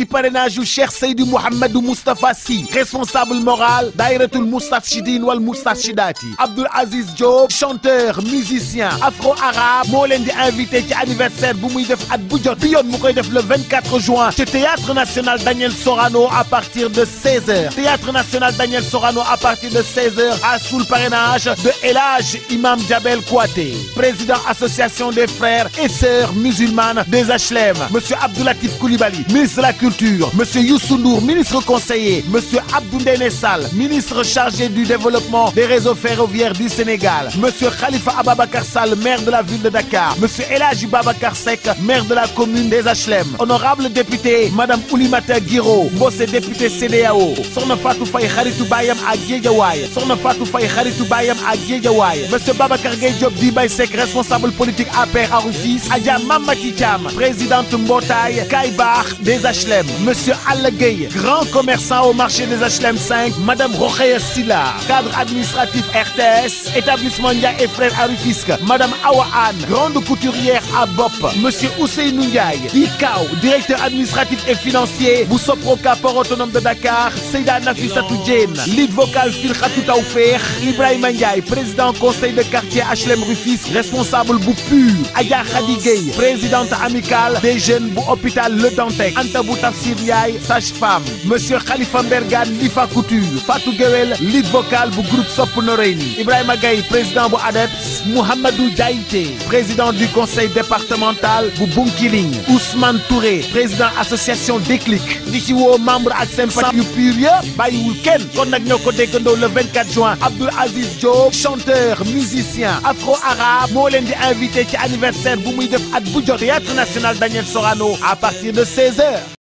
ci parrainage yu Cheikh Seydou Mouhamadou Moustapha Sy responsable moral dairatul Moustachidine wal Moustachidati Abdoul Aziz Diop chanteur musicien afro arabe moo leen di invité ci anniversaire bu muy def at bu jot bi yoon mu koy def le 24 juin ci théâtre national Daniel Sorano à partir de 16h théâtre à partir le parrainage de El Hadj Imam Diabel Kouaté président association des frères et sœurs musulmanes des HLM monsieur Abdoulatif Koulibaly ministre de culture monsieur Youssou Ndour ministre conseiller monsieur Abdou Ndéné Sall ministre chargé du développement des réseaux ferroviaires du Sénégal monsieur Khalifa Ababacar Sall maire de la ville de Dakar monsieur El Hadji Babacar maire de la commune des HLM honorable député madame Oulimata Guiro Mbossé député CEDEAO soxna Fatou Faye xaritu baayam ak Guédiawaye soxna Fatou Faye xaritu di Baye responsable politique APR à Rufisque Adja Mamati Thiam présidente des HLM HLM, Monsieur Alla Gueye, grand commerçant au marché des HLM 5, Madame Rokhaya Silla, cadre administratif RTS, établissement Ndiaye et Frères à Rufisque, Madame Awa grande couturière à Bop, Monsieur Ousseynou Ndiaye, Dikao, directeur administratif et financier, Boussoproka, port autonome de Dakar, Seyda Nafissatou Diène, lead vocal Firkhatou Tawfekh, Ibrahima Ndiaye, président conseil de quartier HLM Rufisque, responsable bu PUR, Adja Khady Gueye, présidente des jeunes bu hôpital Le Dantec, Tafsir Ndiaye sage-femme monsieur Khalifa Mbergane Lifa Couture Fatou Guewel lead vocal bu groupe Sopp Noreyni Ibrahima Gaye président bu ADEPS Mouhamadou Diaïté président du conseil départemental bu Bunkiling Ousmane Touré président association Déclic di ci woo membre ak seen fan yu pur yëpp bàyyiwul kenn kon nag ñoo ko déggandoo le 24 juin Abdoul Aziz Diop chanteur musicien afro-arabe moo leen di invité ci anniversaire bu muy def at bu jot Théâtre National Daniel Sorano à partir de